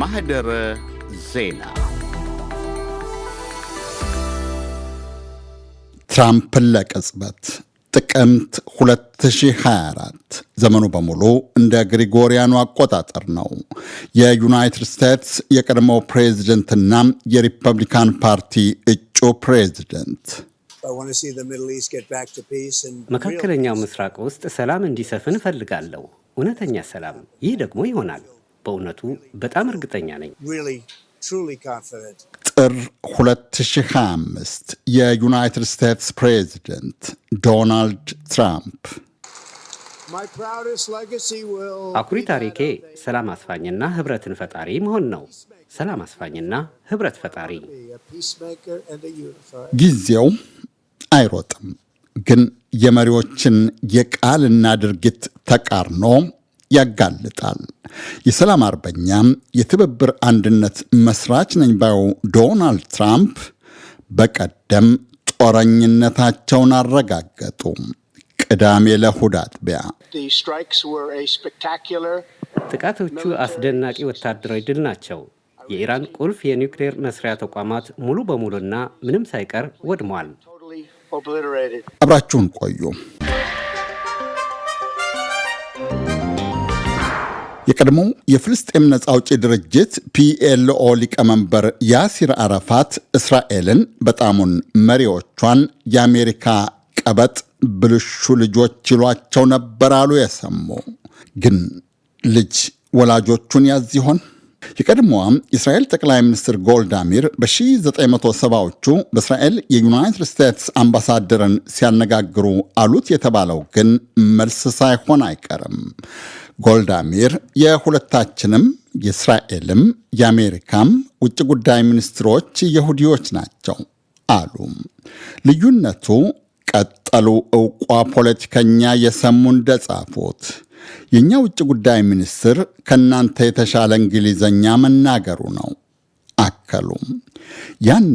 ማህደረ ዜና ትራምፕን ለቅጽበት ጥቅምት 2024 ዘመኑ በሙሉ እንደ ግሪጎሪያኑ አቆጣጠር ነው። የዩናይትድ ስቴትስ የቀድሞው ፕሬዚደንትና የሪፐብሊካን ፓርቲ እጩ ፕሬዚደንት መካከለኛው ምስራቅ ውስጥ ሰላም እንዲሰፍን እፈልጋለሁ፣ እውነተኛ ሰላም። ይህ ደግሞ ይሆናል በእውነቱ በጣም እርግጠኛ ነኝ። ጥር 2025 የዩናይትድ ስቴትስ ፕሬዚደንት ዶናልድ ትራምፕ አኩሪ ታሪኬ ሰላም አስፋኝና ህብረትን ፈጣሪ መሆን ነው። ሰላም አስፋኝና ህብረት ፈጣሪ። ጊዜው አይሮጥም፣ ግን የመሪዎችን የቃልና ድርጊት ተቃርኖ ያጋልጣል። የሰላም አርበኛም የትብብር አንድነት መስራች ነኝ ባዩ ዶናልድ ትራምፕ በቀደም ጦረኝነታቸውን አረጋገጡ። ቅዳሜ ለእሁድ አጥቢያ ጥቃቶቹ አስደናቂ ወታደራዊ ድል ናቸው። የኢራን ቁልፍ የኒውክሌር መስሪያ ተቋማት ሙሉ በሙሉና ምንም ሳይቀር ወድሟል። አብራችሁን ቆዩ። የቀድሞው የፍልስጤም ነፃ አውጪ ድርጅት ፒኤልኦ ሊቀመንበር ያሲር አረፋት እስራኤልን በጣሙን መሪዎቿን የአሜሪካ ቀበጥ ብልሹ ልጆች ይሏቸው ነበር አሉ የሰሙ። ግን ልጅ ወላጆቹን ያዝ ይሆን? የቀድሞዋም የእስራኤል ጠቅላይ ሚኒስትር ጎልዳሚር በ1970ዎቹ በእስራኤል የዩናይትድ ስቴትስ አምባሳደርን ሲያነጋግሩ አሉት የተባለው ግን መልስ ሳይሆን አይቀርም። ጎልዳሜር የሁለታችንም የእስራኤልም የአሜሪካም ውጭ ጉዳይ ሚኒስትሮች የሁዲዎች ናቸው አሉ። ልዩነቱ ቀጠሉ። እውቋ ፖለቲከኛ የሰሙ እንደጻፉት የእኛ ውጭ ጉዳይ ሚኒስትር ከእናንተ የተሻለ እንግሊዘኛ መናገሩ ነው አከሉ። ያኔ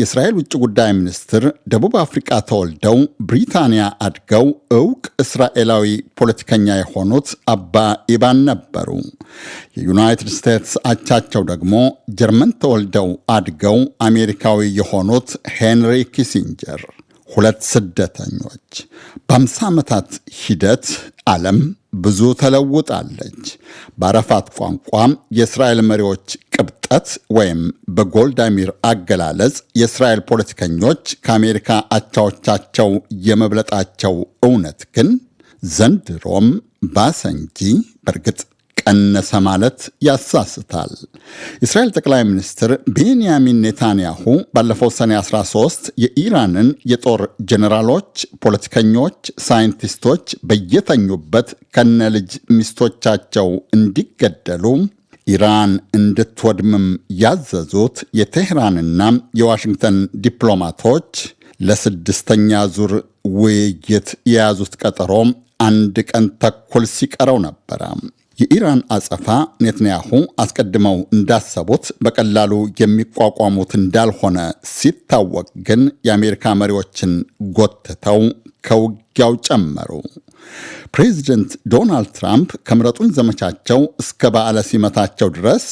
የእስራኤል ውጭ ጉዳይ ሚኒስትር ደቡብ አፍሪቃ ተወልደው ብሪታንያ አድገው እውቅ እስራኤላዊ ፖለቲከኛ የሆኑት አባ ኢባን ነበሩ። የዩናይትድ ስቴትስ አቻቸው ደግሞ ጀርመን ተወልደው አድገው አሜሪካዊ የሆኑት ሄንሪ ኪሲንጀር። ሁለት ስደተኞች በአምሳ ዓመታት ሂደት ዓለም ብዙ ተለውጣለች። በአረፋት ቋንቋ የእስራኤል መሪዎች ርቀት ወይም በጎልዳሚር አገላለጽ የእስራኤል ፖለቲከኞች ከአሜሪካ አቻዎቻቸው የመብለጣቸው እውነት ግን ዘንድሮም ባሰ እንጂ በእርግጥ ቀነሰ ማለት ያሳስታል። የእስራኤል ጠቅላይ ሚኒስትር ቤንያሚን ኔታንያሁ ባለፈው ሰኔ 13 የኢራንን የጦር ጀኔራሎች፣ ፖለቲከኞች፣ ሳይንቲስቶች በየተኙበት ከነ ልጅ ሚስቶቻቸው እንዲገደሉ ኢራን እንድትወድምም ያዘዙት የቴህራንና የዋሽንግተን ዲፕሎማቶች ለስድስተኛ ዙር ውይይት የያዙት ቀጠሮ አንድ ቀን ተኩል ሲቀረው ነበረ። የኢራን አጸፋ ኔትንያሁ አስቀድመው እንዳሰቡት በቀላሉ የሚቋቋሙት እንዳልሆነ ሲታወቅ ግን የአሜሪካ መሪዎችን ጎትተው ከውግ ውጊያው ጨመሩ። ፕሬዚደንት ዶናልድ ትራምፕ ከምረጡኝ ዘመቻቸው እስከ በዓለ ሲመታቸው ድረስ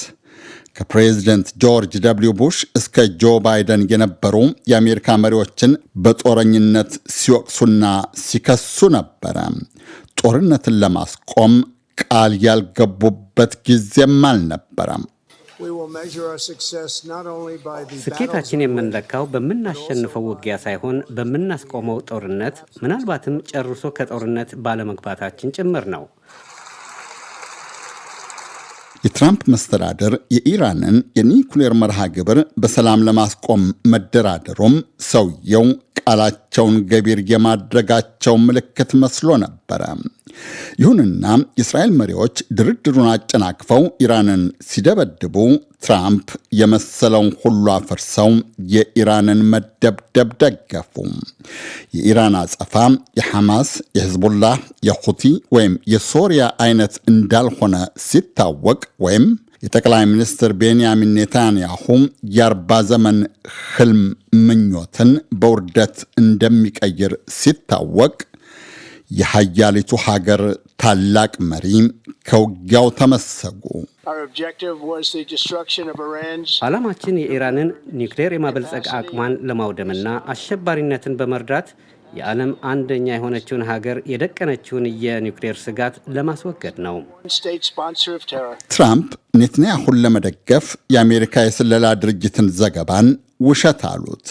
ከፕሬዚደንት ጆርጅ ደብሊው ቡሽ እስከ ጆ ባይደን የነበሩ የአሜሪካ መሪዎችን በጦረኝነት ሲወቅሱና ሲከሱ ነበረ። ጦርነትን ለማስቆም ቃል ያልገቡበት ጊዜም አልነበረም። ስኬታችን የምንለካው በምናሸንፈው ውጊያ ሳይሆን በምናስቆመው ጦርነት፣ ምናልባትም ጨርሶ ከጦርነት ባለመግባታችን ጭምር ነው። የትራምፕ መስተዳደር የኢራንን የኒኩሌር መርሃ ግብር በሰላም ለማስቆም መደራደሩም ሰውየው ቃላቸውን ገቢር የማድረጋቸው ምልክት መስሎ ነበረ። ይሁንና የእስራኤል መሪዎች ድርድሩን አጨናቅፈው ኢራንን ሲደበድቡ ትራምፕ የመሰለውን ሁሉ አፈርሰው የኢራንን መደብደብ ደገፉ። የኢራን አጸፋ የሐማስ፣ የህዝቡላህ፣ የሁቲ ወይም የሶሪያ አይነት እንዳልሆነ ሲታወቅ ወይም የጠቅላይ ሚኒስትር ቤንያሚን ኔታንያሁ የአርባ ዘመን ህልም ምኞትን በውርደት እንደሚቀይር ሲታወቅ የሀያሊቱ ሀገር ታላቅ መሪ ከውጊያው ተመሰጉ። ዓላማችን የኢራንን ኒውክሌር የማበልጸግ አቅሟን ለማውደምና አሸባሪነትን በመርዳት የዓለም አንደኛ የሆነችውን ሀገር የደቀነችውን የኒውክሌር ስጋት ለማስወገድ ነው። ትራምፕ ኔትንያሁን ለመደገፍ የአሜሪካ የስለላ ድርጅትን ዘገባን ውሸት አሉት።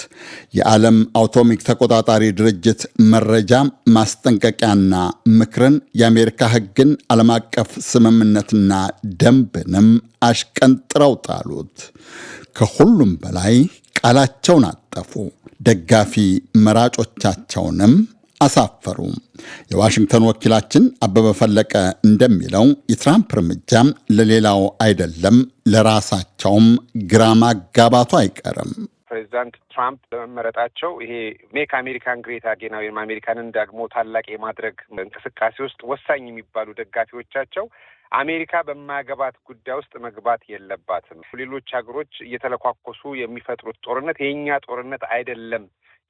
የዓለም አቶሚክ ተቆጣጣሪ ድርጅት መረጃ ማስጠንቀቂያና ምክርን፣ የአሜሪካ ሕግን፣ ዓለም አቀፍ ስምምነትና ደንብንም አሽቀንጥረው ጣሉት። ከሁሉም በላይ ቃላቸውን አጠፉ። ደጋፊ መራጮቻቸውንም አሳፈሩ። የዋሽንግተን ወኪላችን አበበ ፈለቀ እንደሚለው የትራምፕ እርምጃ ለሌላው አይደለም ለራሳቸውም ግራ ማጋባቱ አይቀርም። ፕሬዚዳንት ትራምፕ በመመረጣቸው ይሄ ሜክ አሜሪካን ግሬት አጌን ወይም አሜሪካንን ዳግሞ ታላቅ የማድረግ እንቅስቃሴ ውስጥ ወሳኝ የሚባሉ ደጋፊዎቻቸው አሜሪካ በማያገባት ጉዳይ ውስጥ መግባት የለባትም፣ ሌሎች ሀገሮች እየተለኳኮሱ የሚፈጥሩት ጦርነት የእኛ ጦርነት አይደለም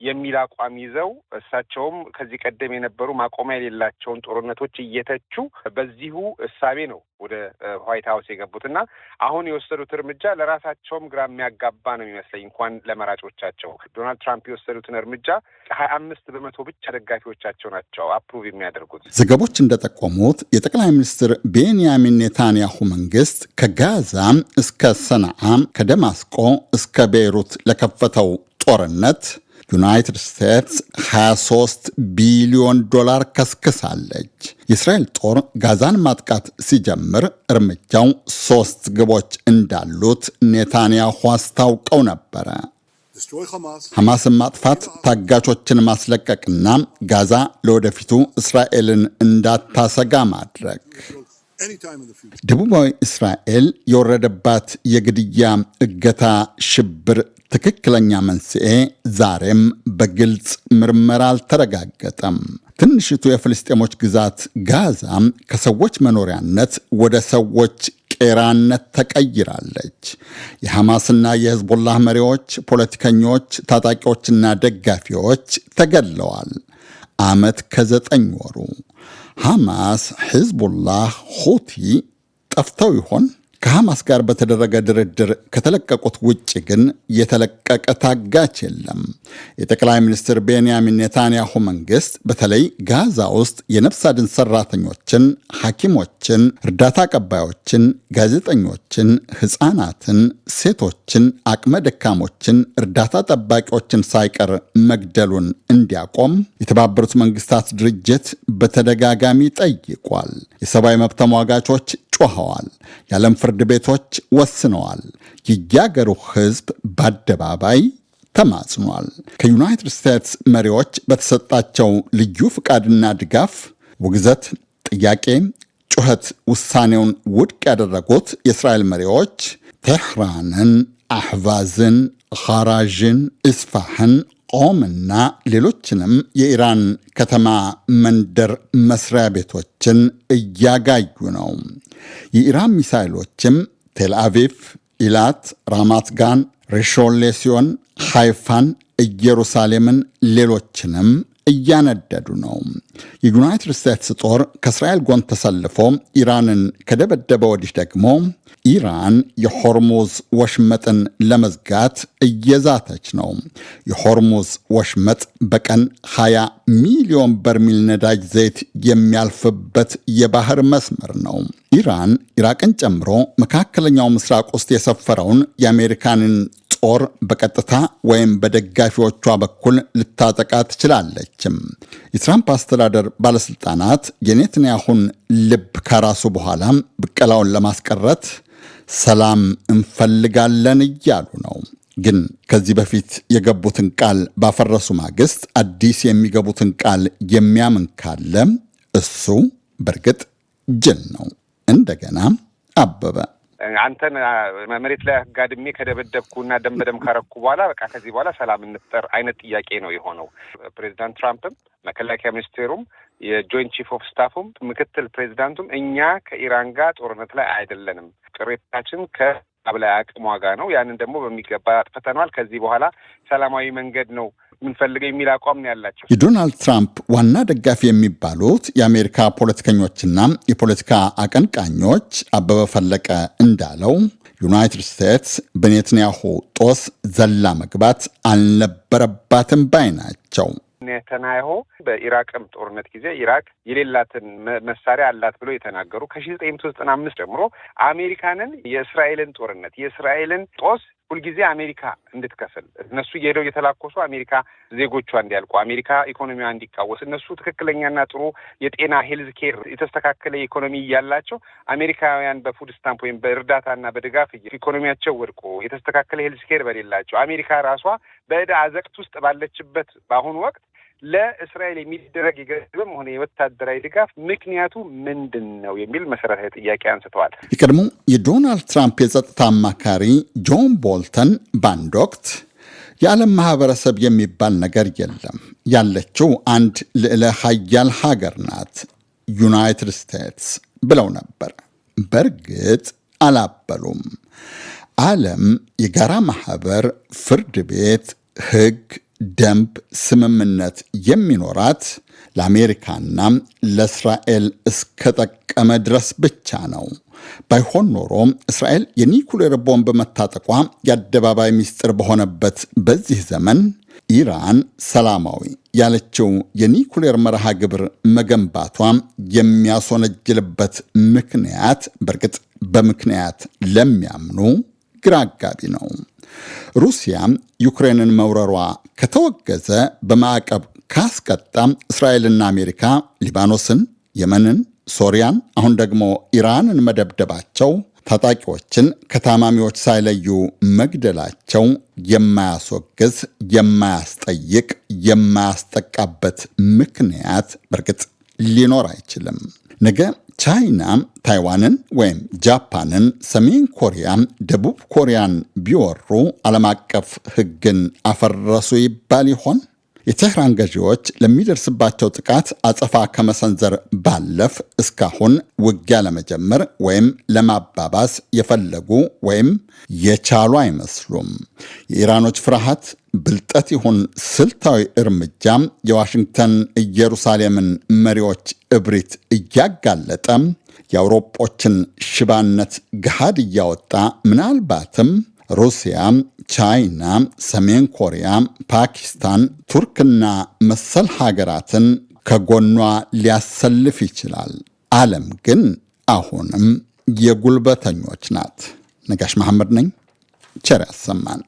የሚል አቋም ይዘው እሳቸውም ከዚህ ቀደም የነበሩ ማቆሚያ የሌላቸውን ጦርነቶች እየተቹ በዚሁ እሳቤ ነው ወደ ዋይት ሀውስ የገቡት እና አሁን የወሰዱት እርምጃ ለራሳቸውም ግራ የሚያጋባ ነው የሚመስለኝ፣ እንኳን ለመራጮቻቸው። ዶናልድ ትራምፕ የወሰዱትን እርምጃ ሀያ አምስት በመቶ ብቻ ደጋፊዎቻቸው ናቸው አፕሩቭ የሚያደርጉት። ዘገቦች እንደጠቆሙት የጠቅላይ ሚኒስትር ቤንያሚን ኔታንያሁ መንግስት ከጋዛ እስከ ሰነዓ ከደማስቆ እስከ ቤይሩት ለከፈተው ጦርነት ዩናይትድ ስቴትስ 23 ቢሊዮን ዶላር ከስክሳለች። የእስራኤል ጦር ጋዛን ማጥቃት ሲጀምር እርምጃው ሶስት ግቦች እንዳሉት ኔታንያሁ አስታውቀው ነበረ። ሐማስን ማጥፋት፣ ታጋቾችን ማስለቀቅና ጋዛ ለወደፊቱ እስራኤልን እንዳታሰጋ ማድረግ። ደቡባዊ እስራኤል የወረደባት የግድያ እገታ፣ ሽብር ትክክለኛ መንስኤ ዛሬም በግልጽ ምርመራ አልተረጋገጠም። ትንሽቱ የፍልስጤሞች ግዛት ጋዛም ከሰዎች መኖሪያነት ወደ ሰዎች ቄራነት ተቀይራለች። የሐማስና የሕዝቡላህ መሪዎች፣ ፖለቲከኞች፣ ታጣቂዎችና ደጋፊዎች ተገድለዋል። ዓመት ከዘጠኝ ወሩ ሐማስ፣ ሕዝቡላህ፣ ሁቲ ጠፍተው ይሆን? ከሐማስ ጋር በተደረገ ድርድር ከተለቀቁት ውጭ ግን የተለቀቀ ታጋች የለም። የጠቅላይ ሚኒስትር ቤንያሚን ኔታንያሁ መንግስት በተለይ ጋዛ ውስጥ የነፍስ አድን ሰራተኞችን፣ ሐኪሞችን፣ እርዳታ አቀባዮችን፣ ጋዜጠኞችን፣ ሕፃናትን፣ ሴቶችን፣ አቅመ ደካሞችን፣ እርዳታ ጠባቂዎችን ሳይቀር መግደሉን እንዲያቆም የተባበሩት መንግስታት ድርጅት በተደጋጋሚ ጠይቋል። የሰብአዊ መብት ተሟጋቾች ጮኸዋል። የዓለም ፍርድ ቤቶች ወስነዋል። የያገሩ ሕዝብ በአደባባይ ተማጽኗል። ከዩናይትድ ስቴትስ መሪዎች በተሰጣቸው ልዩ ፍቃድና ድጋፍ ውግዘት፣ ጥያቄ፣ ጩኸት ውሳኔውን ውድቅ ያደረጉት የእስራኤል መሪዎች ቴህራንን፣ አሕቫዝን፣ ኻራዥን፣ እስፋህን ቆምና ሌሎችንም የኢራን ከተማ መንደር መስሪያ ቤቶችን እያጋዩ ነው። የኢራን ሚሳይሎችም ቴልአቪቭ፣ ኢላት፣ ራማትጋን፣ ሬሾሌ ሲሆን ሃይፋን፣ ኢየሩሳሌምን ሌሎችንም እያነደዱ ነው። የዩናይትድ ስቴትስ ጦር ከእስራኤል ጎን ተሰልፎ ኢራንን ከደበደበ ወዲህ ደግሞ ኢራን የሆርሙዝ ወሽመጥን ለመዝጋት እየዛተች ነው። የሆርሙዝ ወሽመጥ በቀን 20 ሚሊዮን በርሚል ነዳጅ ዘይት የሚያልፍበት የባህር መስመር ነው። ኢራን ኢራቅን ጨምሮ መካከለኛው ምስራቅ ውስጥ የሰፈረውን የአሜሪካንን ጦር በቀጥታ ወይም በደጋፊዎቿ በኩል ልታጠቃ ትችላለችም። የትራምፕ አስተዳደር ባለስልጣናት የኔትንያሁን ልብ ከራሱ በኋላ ብቀላውን ለማስቀረት ሰላም እንፈልጋለን እያሉ ነው። ግን ከዚህ በፊት የገቡትን ቃል ባፈረሱ ማግስት አዲስ የሚገቡትን ቃል የሚያምን ካለ እሱ በእርግጥ ጅል ነው። እንደገና አበበ አንተን መሬት ላይ አጋድሜ ከደበደብኩና ደም በደም ካረኩ በኋላ በቃ ከዚህ በኋላ ሰላም እንፍጠር አይነት ጥያቄ ነው የሆነው። ፕሬዚዳንት ትራምፕም መከላከያ ሚኒስቴሩም የጆይንት ቺፍ ኦፍ ስታፉም ምክትል ፕሬዚዳንቱም እኛ ከኢራን ጋር ጦርነት ላይ አይደለንም፣ ቅሬታችን ከአብላይ አቅሟ ጋር ነው። ያንን ደግሞ በሚገባ አጥፍተነዋል። ከዚህ በኋላ ሰላማዊ መንገድ ነው የምንፈልገው የሚል አቋም ነው ያላቸው። የዶናልድ ትራምፕ ዋና ደጋፊ የሚባሉት የአሜሪካ ፖለቲከኞችና የፖለቲካ አቀንቃኞች አበበ ፈለቀ እንዳለው ዩናይትድ ስቴትስ በኔትንያሁ ጦስ ዘላ መግባት አልነበረባትም ባይ ናቸው። ኔታንያሁ በኢራቅም ጦርነት ጊዜ ኢራቅ የሌላትን መሳሪያ አላት ብለው የተናገሩ ከሺ ዘጠኝ መቶ ዘጠና አምስት ጀምሮ አሜሪካንን የእስራኤልን ጦርነት የእስራኤልን ጦስ ሁልጊዜ አሜሪካ እንድትከፍል እነሱ እየሄደው እየተላኮሱ አሜሪካ ዜጎቿ እንዲያልቁ አሜሪካ ኢኮኖሚዋ እንዲቃወስ እነሱ ትክክለኛና ጥሩ የጤና ሄልዝ ኬር የተስተካከለ ኢኮኖሚ እያላቸው አሜሪካውያን በፉድ ስታምፕ ወይም በእርዳታና በድጋፍ ኢኮኖሚያቸው ወድቆ የተስተካከለ ሄልዝ ኬር በሌላቸው አሜሪካ ራሷ በእዳ አዘቅት ውስጥ ባለችበት በአሁኑ ወቅት ለእስራኤል የሚደረግ የገንዘብም ሆነ የወታደራዊ ድጋፍ ምክንያቱ ምንድን ነው የሚል መሰረታዊ ጥያቄ አንስተዋል። የቀድሞ የዶናልድ ትራምፕ የጸጥታ አማካሪ ጆን ቦልተን በአንድ ወቅት የዓለም ማህበረሰብ የሚባል ነገር የለም፣ ያለችው አንድ ልዕለ ሀያል ሀገር ናት ዩናይትድ ስቴትስ ብለው ነበር። በእርግጥ አላበሉም። ዓለም የጋራ ማህበር፣ ፍርድ ቤት፣ ህግ ደንብ ስምምነት የሚኖራት ለአሜሪካና ለእስራኤል እስከጠቀመ ድረስ ብቻ ነው። ባይሆን ኖሮ እስራኤል የኒኩሌር ቦምብ መታጠቋ የአደባባይ ምስጢር በሆነበት በዚህ ዘመን ኢራን ሰላማዊ ያለችው የኒኩሌር መርሃ ግብር መገንባቷ የሚያስወነጅልበት ምክንያት በእርግጥ በምክንያት ለሚያምኑ ግራ አጋቢ ነው። ሩሲያ ዩክሬንን መውረሯ ከተወገዘ፣ በማዕቀብ ካስቀጣም እስራኤልና አሜሪካ ሊባኖስን፣ የመንን፣ ሶሪያን አሁን ደግሞ ኢራንን መደብደባቸው ታጣቂዎችን ከታማሚዎች ሳይለዩ መግደላቸው የማያስወግዝ የማያስጠይቅ የማያስጠቃበት ምክንያት በእርግጥ ሊኖር አይችልም። ነገ ቻይና ታይዋንን ወይም ጃፓንን፣ ሰሜን ኮሪያን፣ ደቡብ ኮሪያን ቢወሩ ዓለም አቀፍ ሕግን አፈረሱ ይባል ይሆን? የቴህራን ገዢዎች ለሚደርስባቸው ጥቃት አጸፋ ከመሰንዘር ባለፍ እስካሁን ውጊያ ለመጀመር ወይም ለማባባስ የፈለጉ ወይም የቻሉ አይመስሉም። የኢራኖች ፍርሃት ብልጠት ይሁን ስልታዊ እርምጃ የዋሽንግተን ኢየሩሳሌምን መሪዎች እብሪት እያጋለጠ የአውሮጶችን ሽባነት ገሃድ እያወጣ ምናልባትም ሩሲያ፣ ቻይና፣ ሰሜን ኮሪያ፣ ፓኪስታን፣ ቱርክና መሰል ሀገራትን ከጎኗ ሊያሰልፍ ይችላል። ዓለም ግን አሁንም የጉልበተኞች ናት። ነጋሽ መሐመድ ነኝ። ቸር ያሰማን።